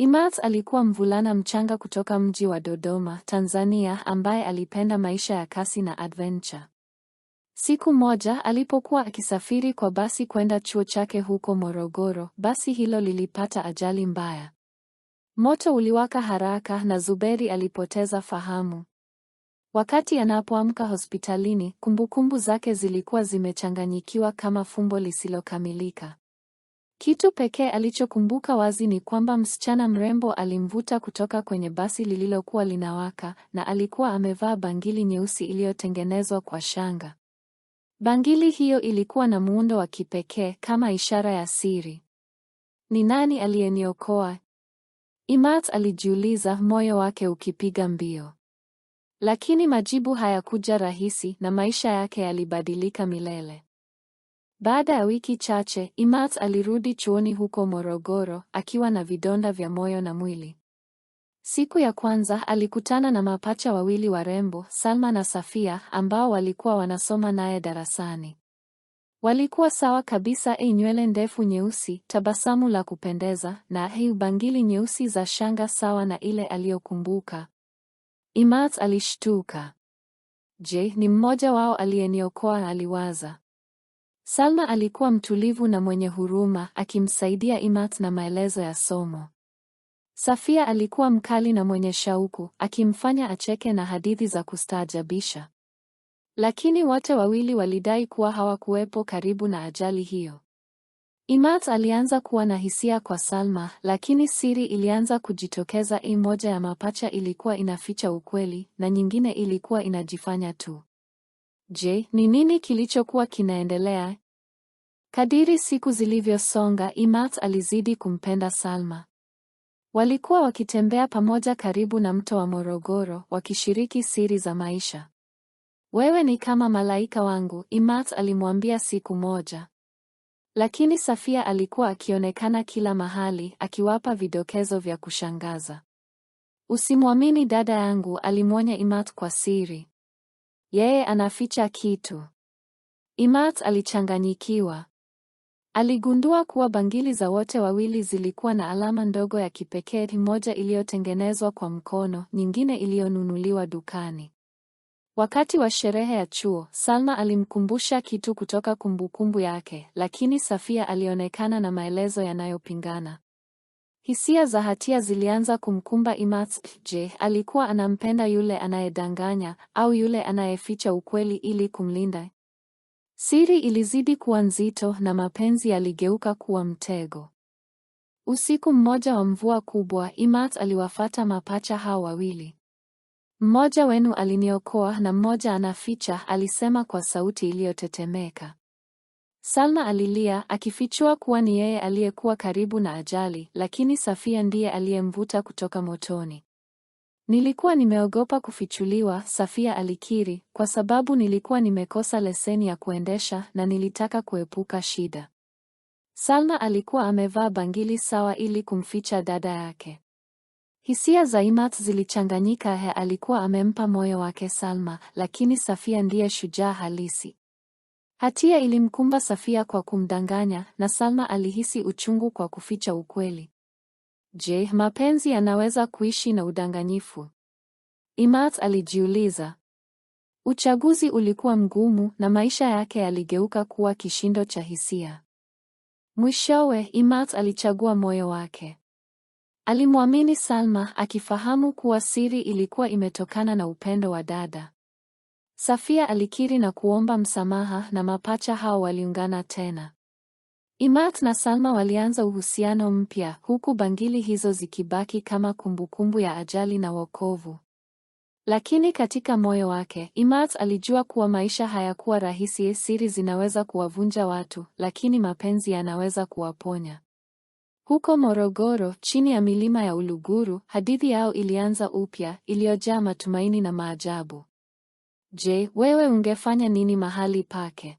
imats alikuwa mvulana mchanga kutoka mji wa Dodoma, Tanzania ambaye alipenda maisha ya kasi na adventure. Siku moja alipokuwa akisafiri kwa basi kwenda chuo chake huko Morogoro, basi hilo lilipata ajali mbaya. Moto uliwaka haraka na Zuberi alipoteza fahamu. Wakati anapoamka hospitalini, kumbukumbu zake zilikuwa zimechanganyikiwa kama fumbo lisilokamilika. Kitu pekee alichokumbuka wazi ni kwamba msichana mrembo alimvuta kutoka kwenye basi lililokuwa linawaka na alikuwa amevaa bangili nyeusi iliyotengenezwa kwa shanga. Bangili hiyo ilikuwa na muundo wa kipekee kama ishara ya siri. Ni nani aliyeniokoa? Imat alijiuliza, moyo wake ukipiga mbio. Lakini majibu hayakuja rahisi na maisha yake yalibadilika milele. Baada ya wiki chache, Imats alirudi chuoni huko Morogoro akiwa na vidonda vya moyo na mwili. Siku ya kwanza alikutana na mapacha wawili warembo, Salma na Safia, ambao walikuwa wanasoma naye darasani. Walikuwa sawa kabisa, ei, nywele ndefu nyeusi, tabasamu la kupendeza na ei, bangili nyeusi za shanga sawa na ile aliyokumbuka. Imats alishtuka. Je, ni mmoja wao aliyeniokoa? Aliwaza. Salma alikuwa mtulivu na mwenye huruma, akimsaidia Imat na maelezo ya somo. Safia alikuwa mkali na mwenye shauku, akimfanya acheke na hadithi za kustaajabisha. Lakini wote wawili walidai kuwa hawakuwepo karibu na ajali hiyo. Imat alianza kuwa na hisia kwa Salma, lakini siri ilianza kujitokeza. Imoja ya mapacha ilikuwa inaficha ukweli na nyingine ilikuwa inajifanya tu. Je, ni nini kilichokuwa kinaendelea? Kadiri siku zilivyosonga, Imat alizidi kumpenda Salma. Walikuwa wakitembea pamoja karibu na mto wa Morogoro, wakishiriki siri za maisha. Wewe ni kama malaika wangu, Imat alimwambia siku moja. Lakini Safia alikuwa akionekana kila mahali, akiwapa vidokezo vya kushangaza. Usimwamini dada yangu, alimwonya Imat kwa siri. Yeye anaficha kitu. Imat alichanganyikiwa. Aligundua kuwa bangili za wote wawili zilikuwa na alama ndogo ya kipekee, moja iliyotengenezwa kwa mkono, nyingine iliyonunuliwa dukani. Wakati wa sherehe ya chuo, Salma alimkumbusha kitu kutoka kumbukumbu yake, lakini Safia alionekana na maelezo yanayopingana. Hisia za hatia zilianza kumkumba Imats. Je, alikuwa anampenda yule anayedanganya au yule anayeficha ukweli ili kumlinda? Siri ilizidi kuwa nzito na mapenzi yaligeuka kuwa mtego. Usiku mmoja wa mvua kubwa, Imats aliwafata mapacha hao wawili. Mmoja wenu aliniokoa na mmoja anaficha, alisema kwa sauti iliyotetemeka. Salma alilia akifichua kuwa ni yeye aliyekuwa karibu na ajali, lakini Safia ndiye aliyemvuta kutoka motoni. Nilikuwa nimeogopa kufichuliwa, Safia alikiri, kwa sababu nilikuwa nimekosa leseni ya kuendesha na nilitaka kuepuka shida. Salma alikuwa amevaa bangili sawa ili kumficha dada yake. Hisia za Imat zilichanganyika. He, alikuwa amempa moyo wake Salma, lakini Safia ndiye shujaa halisi. Hatia ilimkumba Safia kwa kumdanganya na Salma alihisi uchungu kwa kuficha ukweli. Je, mapenzi yanaweza kuishi na udanganyifu? Imat alijiuliza. Uchaguzi ulikuwa mgumu na maisha yake yaligeuka kuwa kishindo cha hisia. Mwishowe, Imat alichagua moyo wake. Alimwamini Salma akifahamu kuwa siri ilikuwa imetokana na upendo wa dada. Safia alikiri na kuomba msamaha na mapacha hao waliungana tena. Imat na Salma walianza uhusiano mpya huku bangili hizo zikibaki kama kumbukumbu ya ajali na wokovu. Lakini katika moyo wake, Imat alijua kuwa maisha hayakuwa rahisi. Siri zinaweza kuwavunja watu, lakini mapenzi yanaweza kuwaponya. Huko Morogoro, chini ya milima ya Uluguru, hadithi yao ilianza upya, iliyojaa matumaini na maajabu. Je, wewe ungefanya nini mahali pake?